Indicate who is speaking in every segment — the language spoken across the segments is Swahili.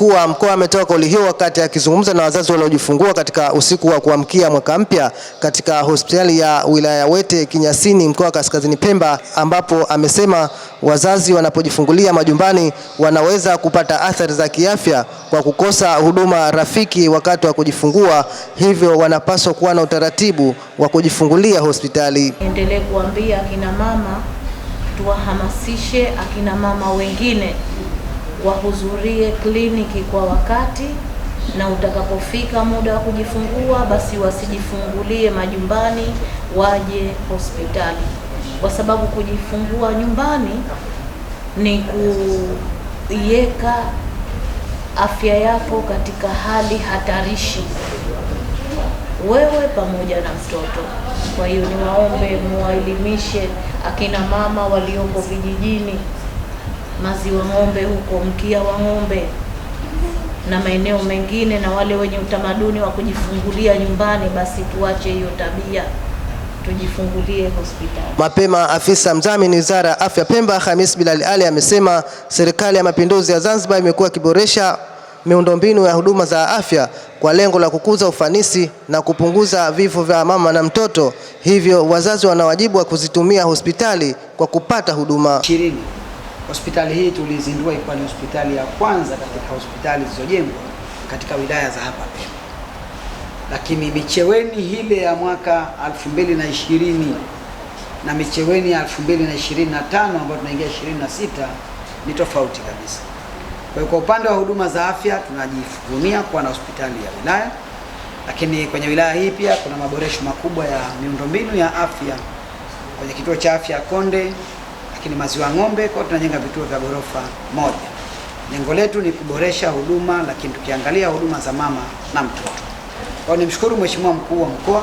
Speaker 1: Mkuu wa Mkoa ametoa kauli hiyo wakati akizungumza na wazazi waliojifungua katika usiku wa kuamkia mwaka mpya katika hospitali ya wilaya Wete Kinyasini, mkoa wa Kaskazini Pemba, ambapo amesema wazazi wanapojifungulia majumbani wanaweza kupata athari za kiafya kwa kukosa huduma rafiki wakati wa kujifungua, hivyo wanapaswa kuwa na utaratibu wa kujifungulia hospitali.
Speaker 2: Endelee kuambia akina mama, tuwahamasishe akina mama wengine wahudhurie kliniki kwa wakati, na utakapofika muda wa kujifungua, basi wasijifungulie majumbani, waje hospitali, kwa sababu kujifungua nyumbani ni kuiweka afya yako katika hali hatarishi, wewe pamoja na mtoto. Kwa hiyo niwaombe muwaelimishe akina mama walioko vijijini maziwa ng'ombe huko, mkia wa ng'ombe na maeneo mengine. Na wale wenye utamaduni wa kujifungulia nyumbani, basi tuache hiyo tabia, tujifungulie hospitali
Speaker 1: mapema. Afisa mdhamini Wizara ya Afya Pemba, Khamis Bilal Ali, amesema Serikali ya Mapinduzi ya Zanzibar imekuwa ikiboresha miundombinu ya huduma za afya kwa lengo la kukuza ufanisi na kupunguza vifo vya mama na mtoto. Hivyo wazazi wana wajibu wa kuzitumia hospitali kwa kupata huduma.
Speaker 3: Hospitali hii tulizindua ilikuwa ni hospitali ya kwanza katika hospitali zilizojengwa katika wilaya za hapa Pemba, lakini micheweni ile ya mwaka 2020 na micheweni ya 2025 ambayo tunaingia 26 ni tofauti kabisa. Kwa hiyo kwa upande wa huduma za afya tunajivunia kuwa na hospitali ya wilaya, lakini kwenye wilaya hii pia kuna maboresho makubwa ya miundombinu ya afya kwenye kituo cha afya Konde lakini maziwa ng'ombe. Kwa tunajenga vituo vya ghorofa moja. Lengo letu ni kuboresha huduma, lakini tukiangalia huduma za mama na mtoto. Kwa nimshukuru Mheshimiwa mkuu wa mkoa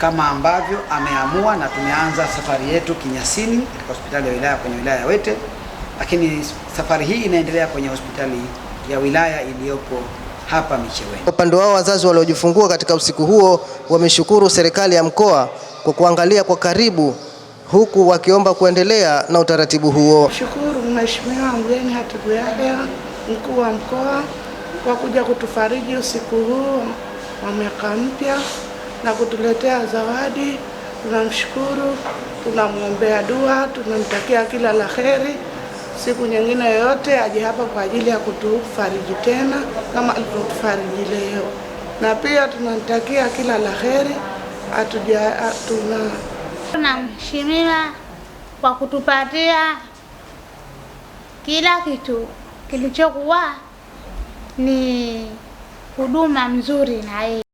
Speaker 3: kama ambavyo ameamua na tumeanza safari yetu Kinyasini katika hospitali ya wilaya kwenye wilaya ya Wete, lakini safari hii inaendelea kwenye hospitali ya wilaya iliyopo hapa Micheweni.
Speaker 1: Upande wao wazazi waliojifungua katika usiku huo wameshukuru serikali ya mkoa kwa kuangalia kwa karibu huku wakiomba kuendelea na utaratibu huo.
Speaker 4: Shukuru Mheshimiwa mgeni Hatuguyage, mkuu wa mkoa, kwa kuja kutufariji usiku huu wa miaka mpya na kutuletea zawadi. Tunamshukuru, tunamwombea dua, tunamtakia kila la heri. Siku nyingine yoyote aje hapa kwa ajili ya kutufariji tena kama alivyotufariji leo, na pia tunamtakia kila la heri. Tuna
Speaker 5: na mheshimiwa kwa kutupatia kila kitu kilichokuwa ni huduma mzuri na yeye